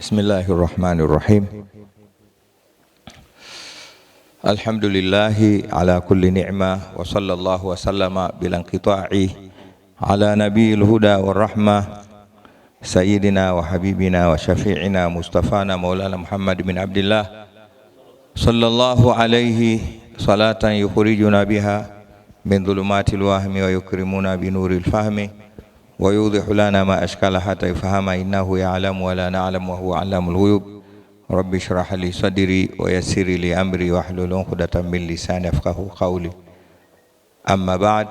بسم الله الرحمن الرحيم الحمد لله على كل نعمة وصلى الله وسلم بلا انقطاع على نبي الهدى والرحمة سيدنا وحبيبنا وشفيعنا مصطفانا مولانا محمد بن عبد الله صلى الله عليه صلاة يخرجنا بها من ظلمات الوهم ويكرمنا بنور الفهم ويوضح لنا ما أشكال حتى يفهم إنه يعلم ولا نعلم وهو علام الغيوب رب اشرح لي صدري ويسر لي أمري واحلل عقدة من لساني يفقه قولي أما بعد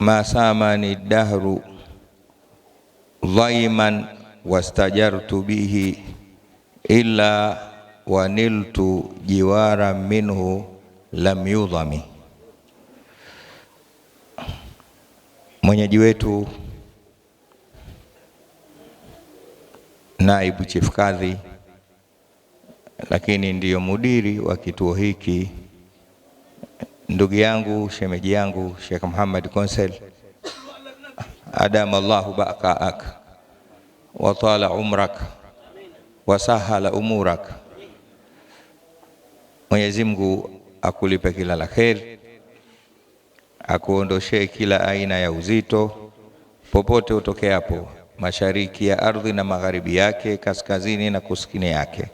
ما سامني الدهر ضيما واستجرت به إلا ونلت جوارا منه لم يضمي mwenyeji wetu naibu chief kadhi, lakini ndiyo mudiri wa kituo hiki, ndugu yangu shemeji yangu Sheikh Muhammad Konsel, adama Allahu baqaak wa tala umrak wa sahala umurak, Mwenyezi Mungu akulipe kila la kheri akuondoshee kila aina ya uzito popote utokeapo, mashariki ya ardhi na magharibi yake, kaskazini na kusini yake.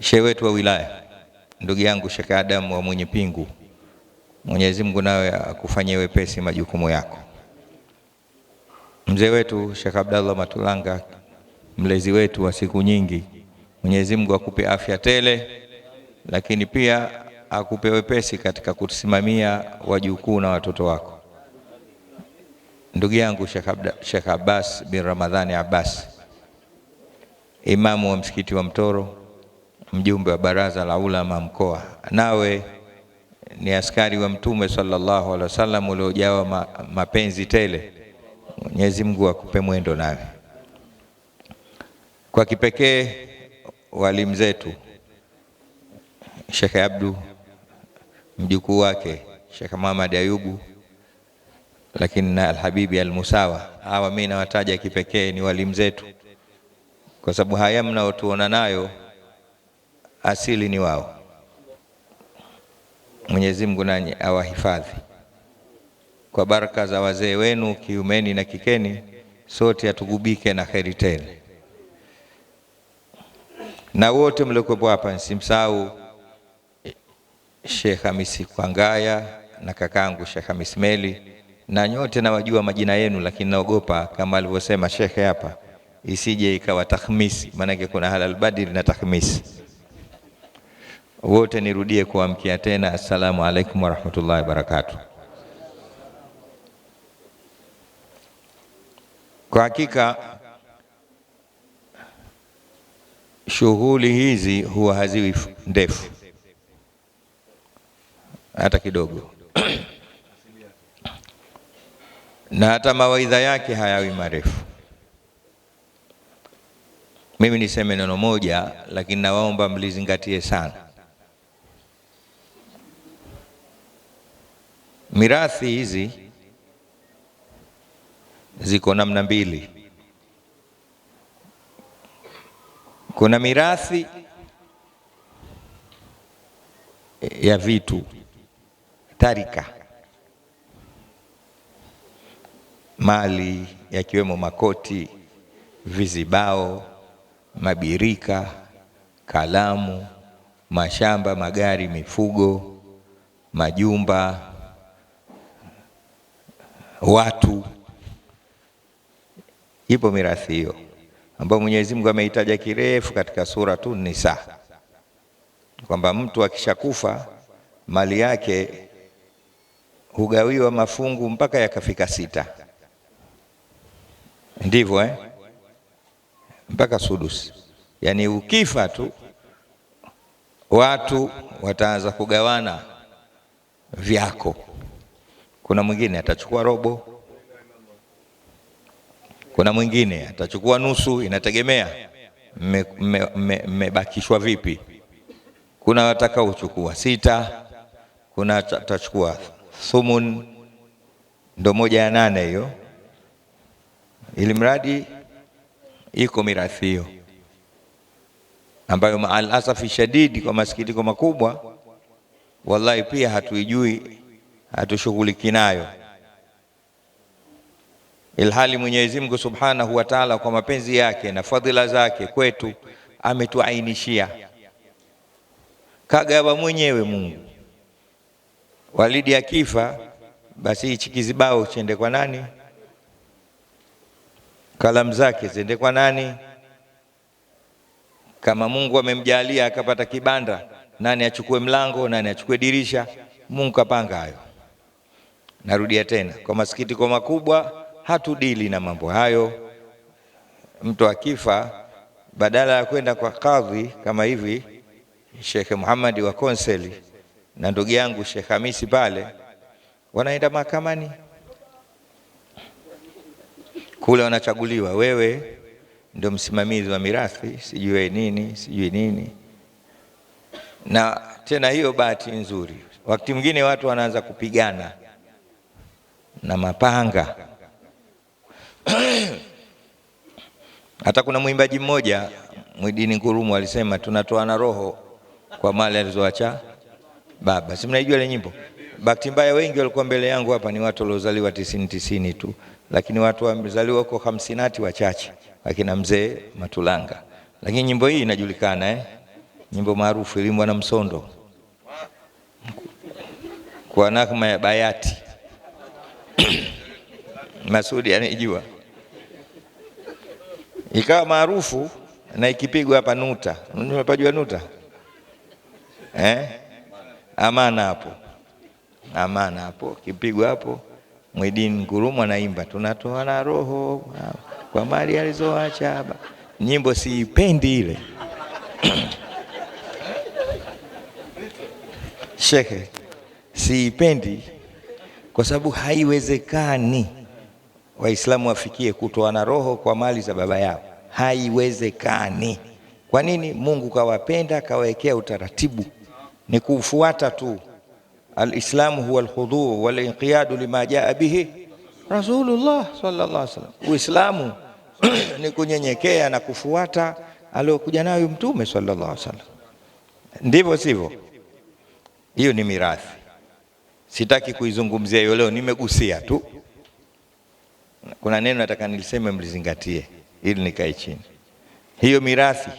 Shehe wetu wa wilaya, ndugu yangu Sheikh Adam wa Mwenye Pingu, Mwenyezi Mungu nawe akufanyie wepesi majukumu yako. Mzee wetu Sheikh Abdallah Matulanga, mlezi wetu wa siku nyingi, Mwenyezi Mungu akupe afya tele, lakini pia akupe wepesi katika kusimamia wajukuu na watoto wako. Ndugu yangu Sheikh Abbas bin Ramadhani Abbas, imamu wa msikiti wa Mtoro, mjumbe wa baraza la ulama mkoa, nawe ni askari wa Mtume sallallahu alaihi wasallam uliojawa ma, mapenzi tele. Mwenyezi Mungu akupe mwendo nawe. Kwa kipekee walimu zetu Sheikh Abdu mjukuu wake Sheikh Muhammad Ayubu, lakini na Alhabibi Almusawa. Hawa mimi nawataja kipekee, ni walimu zetu, kwa sababu haya mnaotuona nayo asili ni wao. Mwenyezi Mungu nanyi awahifadhi kwa baraka za wazee wenu kiumeni na kikeni, sote atugubike na kheri tele, na wote mliokuwepo hapa, msimsahau Sheikh Hamisi Kwangaya na kakangu Sheikh Hamis Meli, na nyote nawajua majina yenu, lakini naogopa kama alivyosema shekhe hapa, isije ikawa takhmisi, maanake kuna halal badiri na takhmisi. Wote nirudie kuamkia tena, assalamu alaikum warahmatullahi wabarakatuh. Kwa hakika shughuli hizi huwa haziwi ndefu hata kidogo na hata mawaidha yake hayawi marefu. Mimi niseme neno moja, lakini nawaomba mlizingatie sana. Mirathi hizi ziko namna mbili. Kuna mirathi ya vitu tarika, mali yakiwemo makoti, vizibao, mabirika, kalamu, mashamba, magari, mifugo, majumba, watu. Ipo mirathi hiyo ambayo Mwenyezi Mungu ameitaja kirefu katika sura tu Nisa, kwamba mtu akishakufa mali yake hugawiwa mafungu mpaka yakafika sita, ndivyo eh? mpaka sudus yaani ukifa tu watu wataanza kugawana vyako. Kuna mwingine atachukua robo, kuna mwingine atachukua nusu, inategemea mmebakishwa vipi. Kuna wataka uchukua sita, kuna atachukua thumun ndo moja ya nane hiyo, ili mradi iko mirathi hiyo ambayo maal asafi shadidi, kwa masikitiko makubwa, wallahi pia hatuijui, hatushughuliki nayo, ilhali Mwenyezi Mungu Subhanahu wa Ta'ala kwa mapenzi yake na fadhila zake kwetu ametuainishia, kagaba mwenyewe Mungu Walidi akifa, basi hichi kizibao chende kwa nani? Kalamu zake ziende kwa nani? Kama Mungu amemjalia akapata kibanda, nani achukue mlango? Nani achukue dirisha? Mungu kapanga hayo. Narudia tena, kwa masikitiko makubwa hatudili na mambo hayo. Mtu akifa, badala ya kwenda kwa kadhi kama hivi Shekhe Muhamadi wa Konseli na ndugu yangu Sheikh Hamisi pale wanaenda mahakamani kule, wanachaguliwa wewe ndio msimamizi wa mirathi, sijui nini sijui nini. Na tena hiyo bahati nzuri, wakati mwingine watu wanaanza kupigana na mapanga hata kuna mwimbaji mmoja Mwidini Ngurumu alisema tunatoa na roho kwa mali alizoacha baba, si mnaijua ile nyimbo? Bahati mbaya wengi walikuwa mbele yangu hapa ni watu waliozaliwa tisini tisini tu, lakini watu wamezaliwa huko hamsinati wachache, akina mzee Matulanga. Lakini nyimbo hii inajulikana eh? Nyimbo maarufu ilimbwa na Msondo kwa nakma ya Bayati Masudi anaijua, ikawa maarufu na ikipigwa hapa nuta. Umepajua nuta eh? amana hapo, amana hapo, kipigwa hapo. Mwidini Nkurumu anaimba tunatoa na roho kwa mali alizoacha baba. Nyimbo siipendi ile shekhe, siipendi kwa sababu haiwezekani Waislamu wafikie kutoa na roho kwa mali za baba yao, haiwezekani. Kwa nini? Mungu kawapenda, kawawekea utaratibu ni kufuata tu. Alislamu huwa alkhudu walinqiyadu lima jaa bihi rasulullah sallallahu alaihi wasallam, Uislamu ni kunyenyekea na kufuata aliyokuja nayo Mtume sallallahu alaihi wasallam. Ndivyo sivyo? Hiyo ni mirathi, sitaki kuizungumzia hiyo leo, nimegusia tu. Kuna neno nataka niliseme, mlizingatie ili nikae chini. Hiyo mirathi,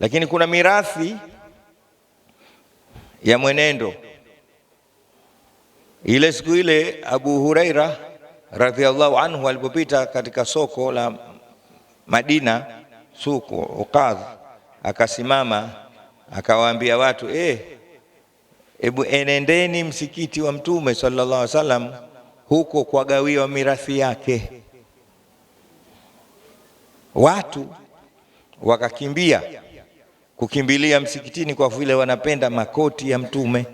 lakini kuna mirathi ya mwenendo. Ile siku ile Abu Huraira radhiallahu anhu alipopita katika soko la Madina, suku Uqadh, akasimama akawaambia watu eh, ebu enendeni msikiti wa Mtume sallallahu alaihi wasallam, huko kwagawiwa mirathi yake. Watu wakakimbia kukimbilia msikitini kwa vile wanapenda makoti ya Mtume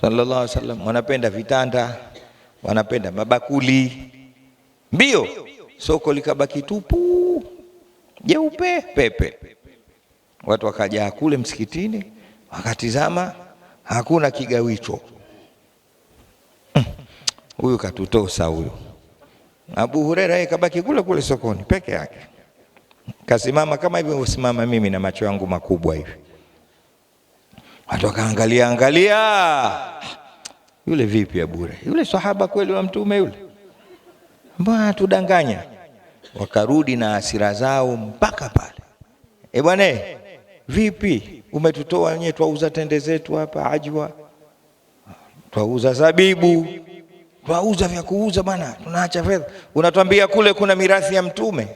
sallallahu alaihi wasallam, wanapenda vitanda, wanapenda mabakuli. Mbio soko likabaki tupu jeupe pepe, watu wakajaa kule msikitini, wakatizama hakuna kigawicho. Huyu katutosa huyu. Abu Huraira yeye kabaki kule kule sokoni peke yake kasimama kama hivyo usimama mimi na macho yangu makubwa hivi, watu wakaangalia angalia, yule vipi ya bure yule sahaba kweli wa Mtume yule, mbona tudanganya? Wakarudi na hasira zao mpaka pale. E bwana, vipi umetutoa wenyewe, twauza tende zetu hapa ajwa, twauza zabibu, twauza vya kuuza bwana, tunaacha fedha, unatwambia kule kuna mirathi ya Mtume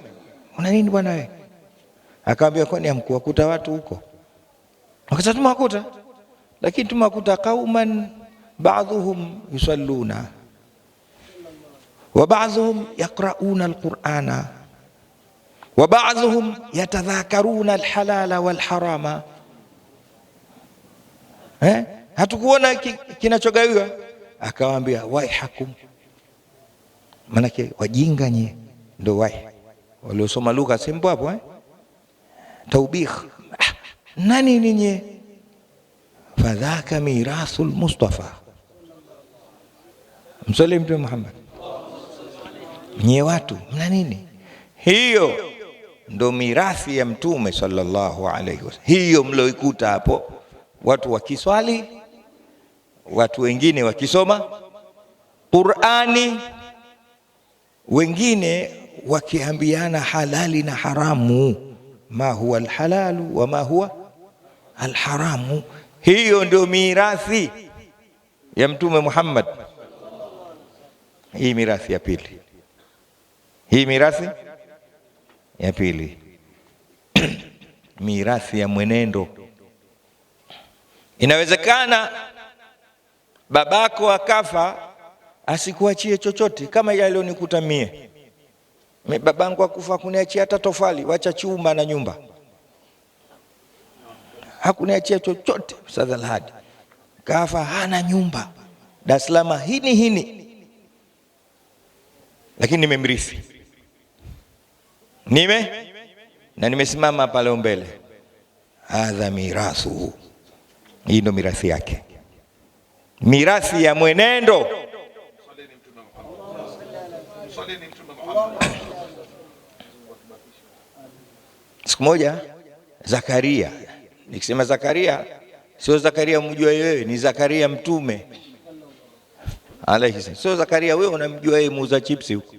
una nini bwana wewe? Akaambia, kwani hamkuwakuta watu huko? Akasema tumewakuta, lakini tumewakuta qauman baadhuhum yusalluna wa baadhuhum yaqra'una alqur'ana wa ba'dhuhum yatadhakaruna alhalala walharama. Eh, hatukuona kinachogawiwa. Akawaambia waihakum, manake wajinga nyie, ndo wai waliosoma lugha sempo hapo eh? Taubikh ah, nani ninyi? Fadhaka mirathul Mustafa, msali Mtume Muhammad. Nye watu mna nini? Hiyo ndo mirathi ya Mtume sallallahu alaihi wasallam, hiyo mlioikuta hapo, watu wakiswali, watu wengine wakisoma Qurani, wengine wakiambiana halali na haramu, ma huwa alhalalu wa ma huwa alharamu. Hiyo ndio mirathi ya Mtume Muhammad. Hii mirathi ya pili, hii mirathi ya pili mirathi ya mwenendo. Inawezekana babako akafa asikuachie chochote, kama yaliyonikuta mie babangu akufa kuniachia hata tofali, wacha chuma na nyumba, hakuniachia chochote. Ustadh Alhadi kafa hana nyumba Dar es Salaam hini hini, lakini nimemrithi nime na nimesimama pale leo mbele. Hadha mirathuhu, hii ndo mirathi yake, mirathi ya mwenendo Siku moja Zakaria, nikisema Zakaria sio Zakaria mjua yeye, ni Zakaria mtume alaihi. Sio Zakaria wewe unamjua yeye muuza chipsi huko,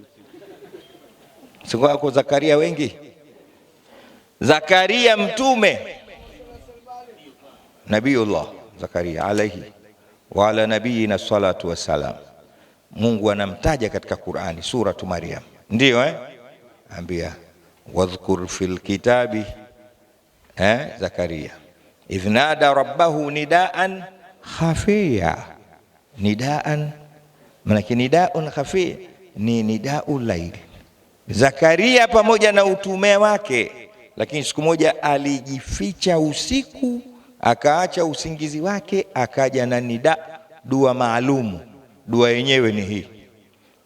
siku yako Zakaria wengi. Zakaria mtume Nabiullah Zakaria alaihi wa ala nabiyina salatu wassalam. Mungu anamtaja katika Qur'ani suratu Maryam, ndio eh? ambia wadhkur fil kitabi eh, Zakaria idh nada rabbahu nidaan khafiya. Nidaan manake nidaun khafi ni nidau laili. Zakaria pamoja na utume wake, lakini siku moja alijificha usiku, akaacha usingizi wake, akaja na nida, dua maalumu. Dua yenyewe ni hii: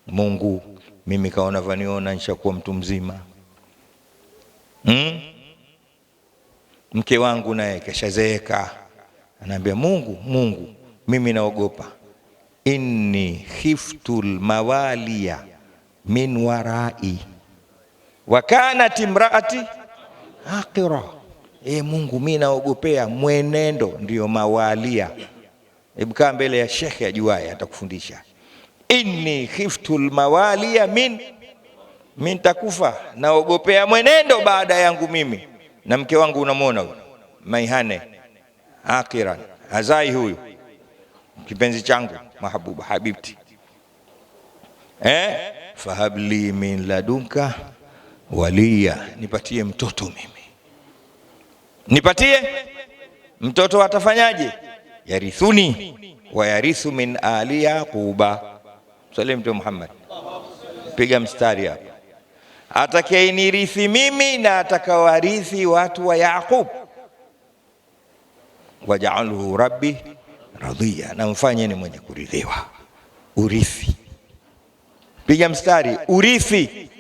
Mungu, mimi kaona vaniona, nishakuwa mtu mzima hmm? Mke wangu naye kashazeeka, anaambia Mungu, Mungu, mimi naogopa, inni khiftul lmawalia min warai wa kanat imraati aqira. E Mungu, mimi naogopea mwenendo, ndiyo mawalia. Hebu kaa mbele ya shekhe ajuaye atakufundisha. inni khiftul mawaliya min mimi nitakufa, naogopea mwenendo baada yangu mimi. Na mke wangu unamwona huyu maihane akiran azai, huyu kipenzi changu mahabuba habibti eh? fahabli min ladunka waliya, nipatie mtoto mimi, nipatie mtoto. Atafanyaje? yarithuni wa yarithu min ali Yaquba. Msalie Mtume Muhammad, piga mstari hapa atakayenirithi mimi na atakawarithi watu wa Yaqub, wajaalhu rabbi radhiya, na mfanye ni mwenye kuridhiwa. Urithi, piga mstari, urithi.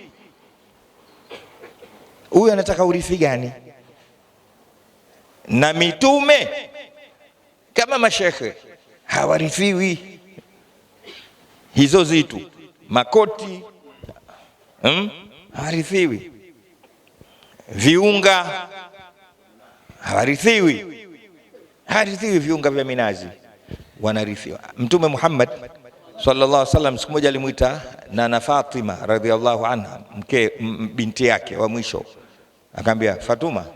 Huyu anataka urithi gani? Na mitume kama mashekhe hawarithiwi hizo zitu, makoti hmm? hawarithiwi, viunga hawarithiwi, hawarithiwi viunga vya minazi, wanarithiwa. Mtume Muhammad sallallahu alaihi wasallam siku moja alimwita nana Fatima radhiallahu anha, mke binti yake wa mwisho, akamwambia Fatuma,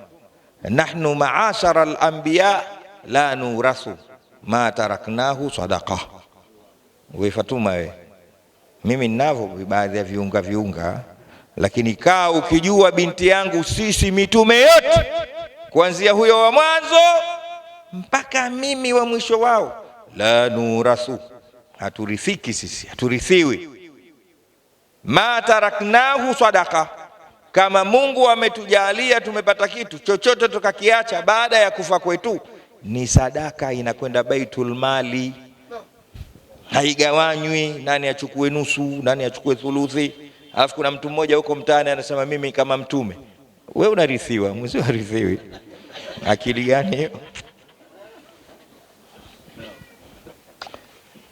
nahnu maashara al-anbiya la nurathu ma taraknahu sadaqa. We Fatuma, we mimi ninavyo baadhi ya viunga viunga lakini kaa ukijua, binti yangu, sisi mitume yote kuanzia huyo wa mwanzo mpaka mimi wa mwisho wao, la nurasu, haturithiki sisi, haturithiwi ma taraknahu sadaka, kama Mungu ametujalia tumepata kitu chochote tukakiacha baada ya kufa kwetu ni sadaka, inakwenda baitul mali, haigawanywi. Nani achukue nusu, nani achukue thuluthi Alafu kuna mtu mmoja huko mtaani anasema mimi kama mtume. Wewe unarithiwa, mzee harithiwi. Akili gani hiyo?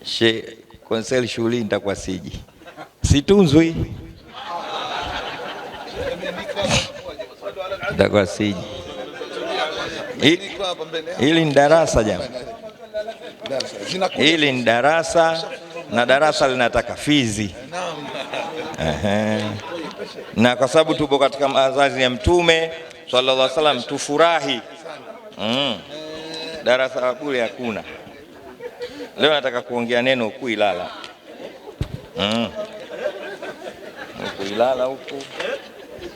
She konsel shughuli nitakuwa siji. Situnzwi. Nitakuwa siji. Hili ni darasa jamani. Hili ni darasa na darasa linataka fizi. Ehe. Na kwa sababu tupo katika mazazi ya Mtume sallallahu alaihi wasallam tufurahi. Mm. Darasa bure hakuna. Leo nataka kuongea neno huku Ilala. Mm. Huku Ilala huku.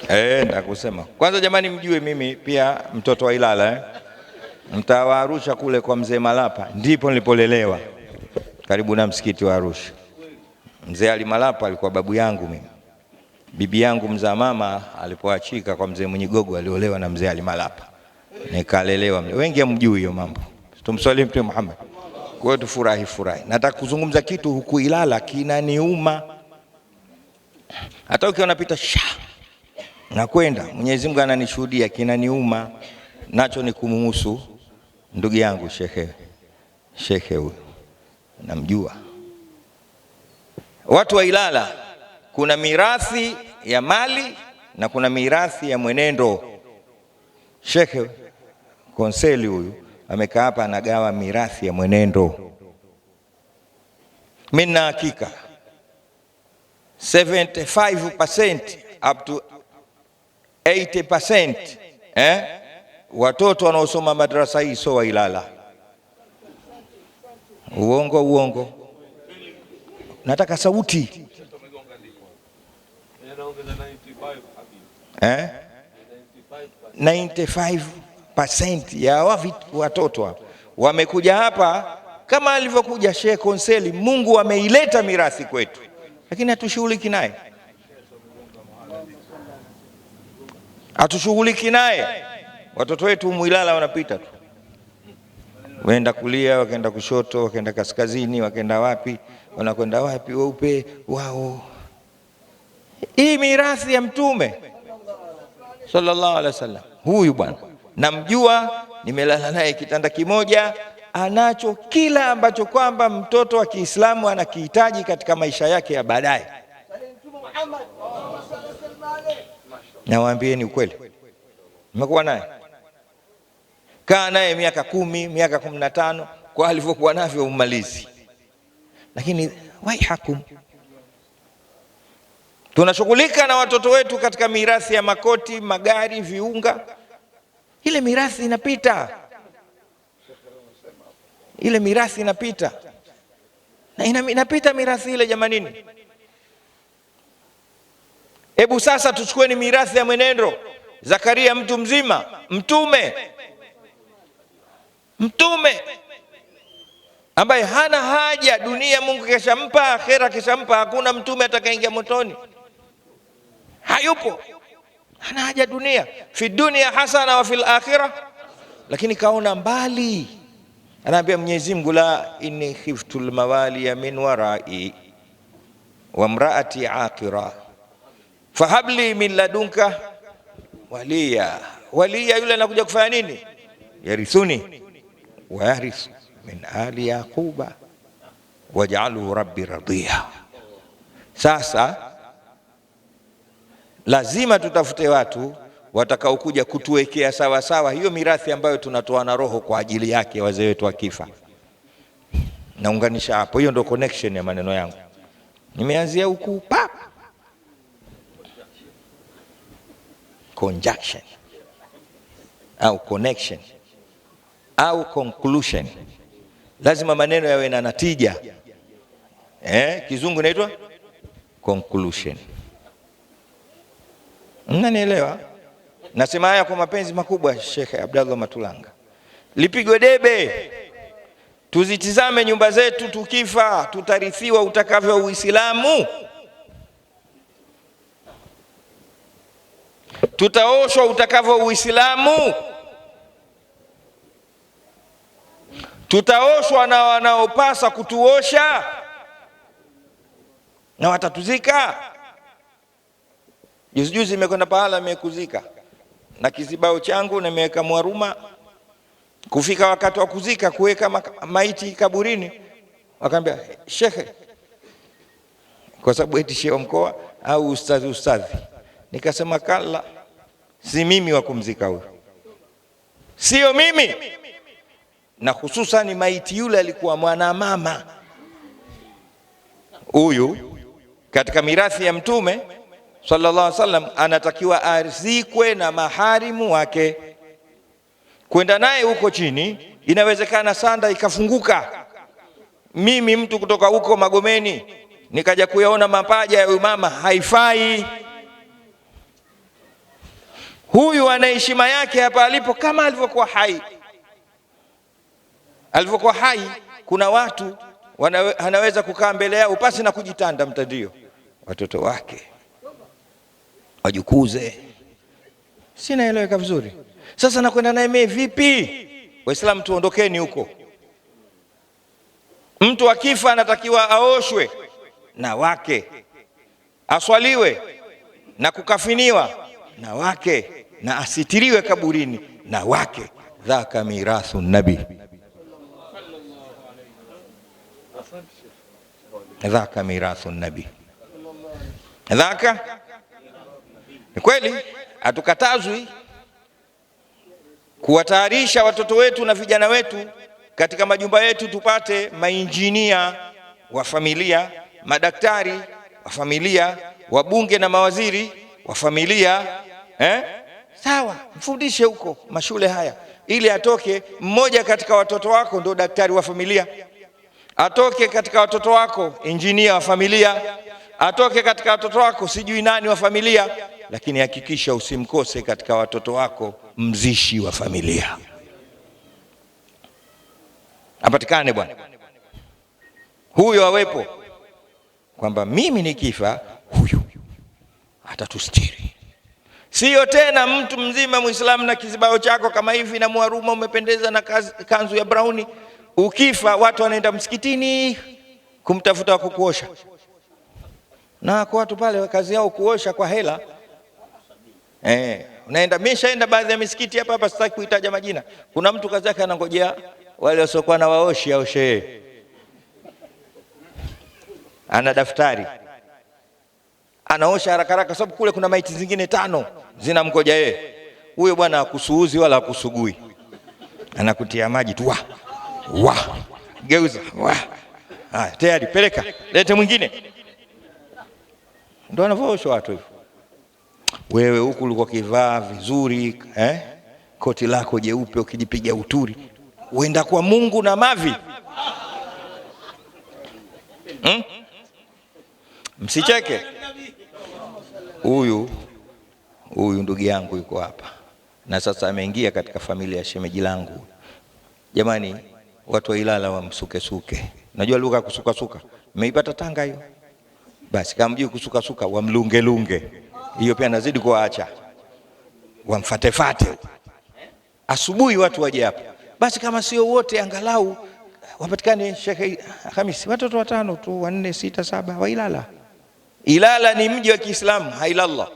Eh, nakusema. Kwanza jamani, mjue mimi pia mtoto wa Ilala eh. Mtaa wa Arusha kule kwa mzee Malapa ndipo nilipolelewa karibu na msikiti wa Arusha. Mzee Alimalapa alikuwa babu yangu mimi. Bibi yangu mzaa mama alipoachika kwa mzee munyigogo aliolewa na mzee Alimalapa. Nikalelewa mle. Wengi hamjui hiyo mambo. Tumswali Mtume Muhammad. Kwa hiyo tufurahi furahi. Nataka kuzungumza kitu huku Ilala kinaniuma. Hata ukiona pita sha. Nakwenda, Mwenyezi Mungu ananishuhudia kinaniuma. Nacho ni kumuhusu ndugu yangu Shekhe. Shekhe huyo. Namjua. Watu wa Ilala kuna mirathi ya mali na kuna mirathi ya mwenendo. Shekhe Konseli huyu amekaa hapa anagawa mirathi ya mwenendo. mi na hakika 75% up to 80% eh, watoto wanaosoma madrasa hii sio wa Ilala. Uongo uongo nataka sauti eh? 95% ya watoto hapa wamekuja hapa kama alivyokuja Sheikh Konseli. Mungu ameileta mirathi kwetu, lakini hatushughuliki naye, hatushughuliki naye. Watoto wetu Mwilala wanapita tu, waenda kulia, wakaenda kushoto, wakaenda kaskazini, wakaenda wapi? wanakwenda wapi weupe wao? Hii mirathi ya Mtume sallallahu alaihi wasallam. Huyu bwana namjua, nimelala naye kitanda kimoja, anacho kila ambacho kwamba mtoto wa Kiislamu anakihitaji katika maisha yake ya baadaye. Nawaambieni ukweli, nimekuwa naye kaa naye miaka kumi, miaka kumi na tano, kwa alivyokuwa navyo umalizi lakini waihakum, tunashughulika na watoto wetu katika mirathi ya makoti, magari, viunga. Ile mirathi inapita, ile mirathi inapita na inapita mirathi ile jamanini. Hebu sasa tuchukueni mirathi ya mwenendo. Zakaria mtu mzima, mtume, mtume ambaye hana haja dunia, Mungu keshampa, akhera keshampa. Hakuna mtume atakayeingia motoni, hayupo, hana haja dunia. Fi dunia hasana wa fil akhirah, lakini kaona mbali, anaambia Mwenyezi Mungu, la inni khiftu ya min warai wa mraati aqira fahabli min ladunka waliya. Waliya yule anakuja kufanya nini? Yarithuni wa yarithu min ali yaquba waj'alhu rabbi radiya. Sasa lazima tutafute watu watakaokuja kutuwekea sawa sawa hiyo mirathi ambayo tunatoa na roho kwa ajili yake wazee wetu wakifa. Naunganisha hapo, hiyo ndio connection ya maneno yangu, nimeanzia huku pap conjunction au connection au conclusion lazima maneno yawe na natija eh, kizungu inaitwa conclusion. Mnanielewa? Nasema haya kwa mapenzi makubwa, Sheikh Abdallah Matulanga. Lipigwe debe, tuzitizame nyumba zetu, tukifa tutarithiwa utakavyo Uislamu, tutaoshwa utakavyo Uislamu. tutaoshwa na wanaopasa kutuosha na watatuzika. Juzi juzi imekwenda pahala imekuzika na kizibao changu nimeweka mwaruma. Kufika wakati wa kuzika, kuweka maiti kaburini, wakaambia shekhe, kwa sababu eti shehe wa mkoa au ustadhi ustadhi. Nikasema kala, si mimi wa kumzika huyo, sio mimi na hususani maiti yule alikuwa mwanamama. Huyu katika mirathi ya Mtume sallallahu alaihi wasallam anatakiwa arzikwe na maharimu wake, kwenda naye huko chini. Inawezekana sanda ikafunguka, mimi mtu kutoka huko Magomeni nikaja kuyaona mapaja ya huyu mama, haifai. Huyu ana heshima yake hapa alipo, kama alivyokuwa hai. Alivyokuwa hai, kuna watu wanawe, anaweza kukaa mbele yao pasi na kujitanda mtandio, watoto wake wajukuze. Sinaeleweka vizuri. Sasa nakwenda naye mimi vipi? Waislamu tuondokeni huko. Mtu akifa anatakiwa aoshwe na wake, aswaliwe na kukafiniwa na wake, na asitiriwe kaburini na wake. Dhaka mirathu nabii. dhaka mirathu nabi, dhaka ni kweli, hatukatazwi kuwatayarisha watoto wetu na vijana wetu katika majumba yetu, tupate mainjinia wa familia, madaktari wa familia, wabunge na mawaziri wa familia eh? Sawa, mfundishe huko mashule haya, ili atoke mmoja katika watoto wako ndo daktari wa familia atoke katika watoto wako injinia wa familia, atoke katika watoto wako sijui nani wa familia, lakini hakikisha usimkose katika watoto wako mzishi wa familia, apatikane bwana huyo, awepo kwamba mimi nikifa huyu atatustiri. Siyo tena mtu mzima Muislamu na kizibao chako kama hivi na mwaruma umependeza na kanzu ya brauni Ukifa watu wanaenda msikitini kumtafuta wa kukuosha, na kwa watu pale kazi yao kuosha kwa hela eh, unaenda mishaenda baadhi ya misikiti hapa hapa, sitaki kuitaja majina. Kuna mtu kazi yake anangojea wale wasiokuwa na waoshi aoshee, ana daftari anaosha haraka haraka, sababu kule kuna maiti zingine tano zinamgoja yeye. Huyo bwana akusuuzi wala akusugui, anakutia maji tu wa geuza wa haya, tayari, peleka, lete mwingine. Ndio anavyoosha watu hivyo. Wewe huku ulikuwa kivaa vizuri eh? koti lako jeupe ukijipiga uturi, uenda kwa Mungu na mavi hmm? Msicheke huyu huyu, ndugu yangu yuko hapa na sasa ameingia katika familia ya shemeji langu, jamani watu wa Ilala wamsukesuke. Najua lugha ya kusukasuka, mmeipata Tanga hiyo? Basi kama mjui kusukasuka, wamlungelunge, hiyo pia nazidi kuwaacha, wamfatefate. Asubuhi watu waje hapa, basi kama sio wote, angalau wapatikane Sheikh Hamisi, watoto watano tu, wanne, sita, saba wa Ilala. Ilala ni mji wa Kiislamu, hailallah.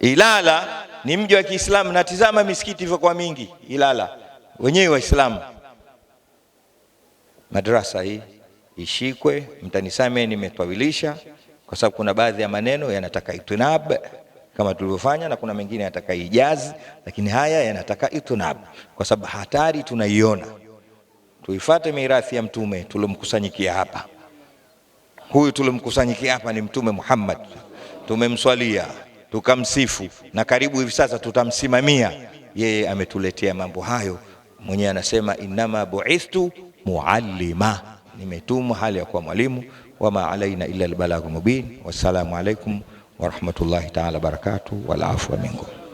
Ilala ni mji wa Kiislamu, natizama misikiti ilivyokuwa mingi Ilala wenyewe Waislamu, madrasa hii ishikwe. Mtanisame nimetwawilisha kwa sababu kuna baadhi ya maneno yanataka itunab kama tulivyofanya, na kuna mengine yanataka ijazi, lakini haya yanataka itunab kwa sababu hatari tunaiona. Tuifate mirathi ya mtume tulomkusanyikia hapa. Huyu tulomkusanyikia hapa ni Mtume Muhammad, tumemswalia tukamsifu, na karibu hivi sasa tutamsimamia yeye. Ametuletea mambo hayo mwenyewe anasema innama buithtu muallima, nimetumwa hali ya kuwa mwalimu. Wama alaina illa albalagh mubin. Wassalamu alaikum warahmatullahi taala barakatuh, wal afwa minkum.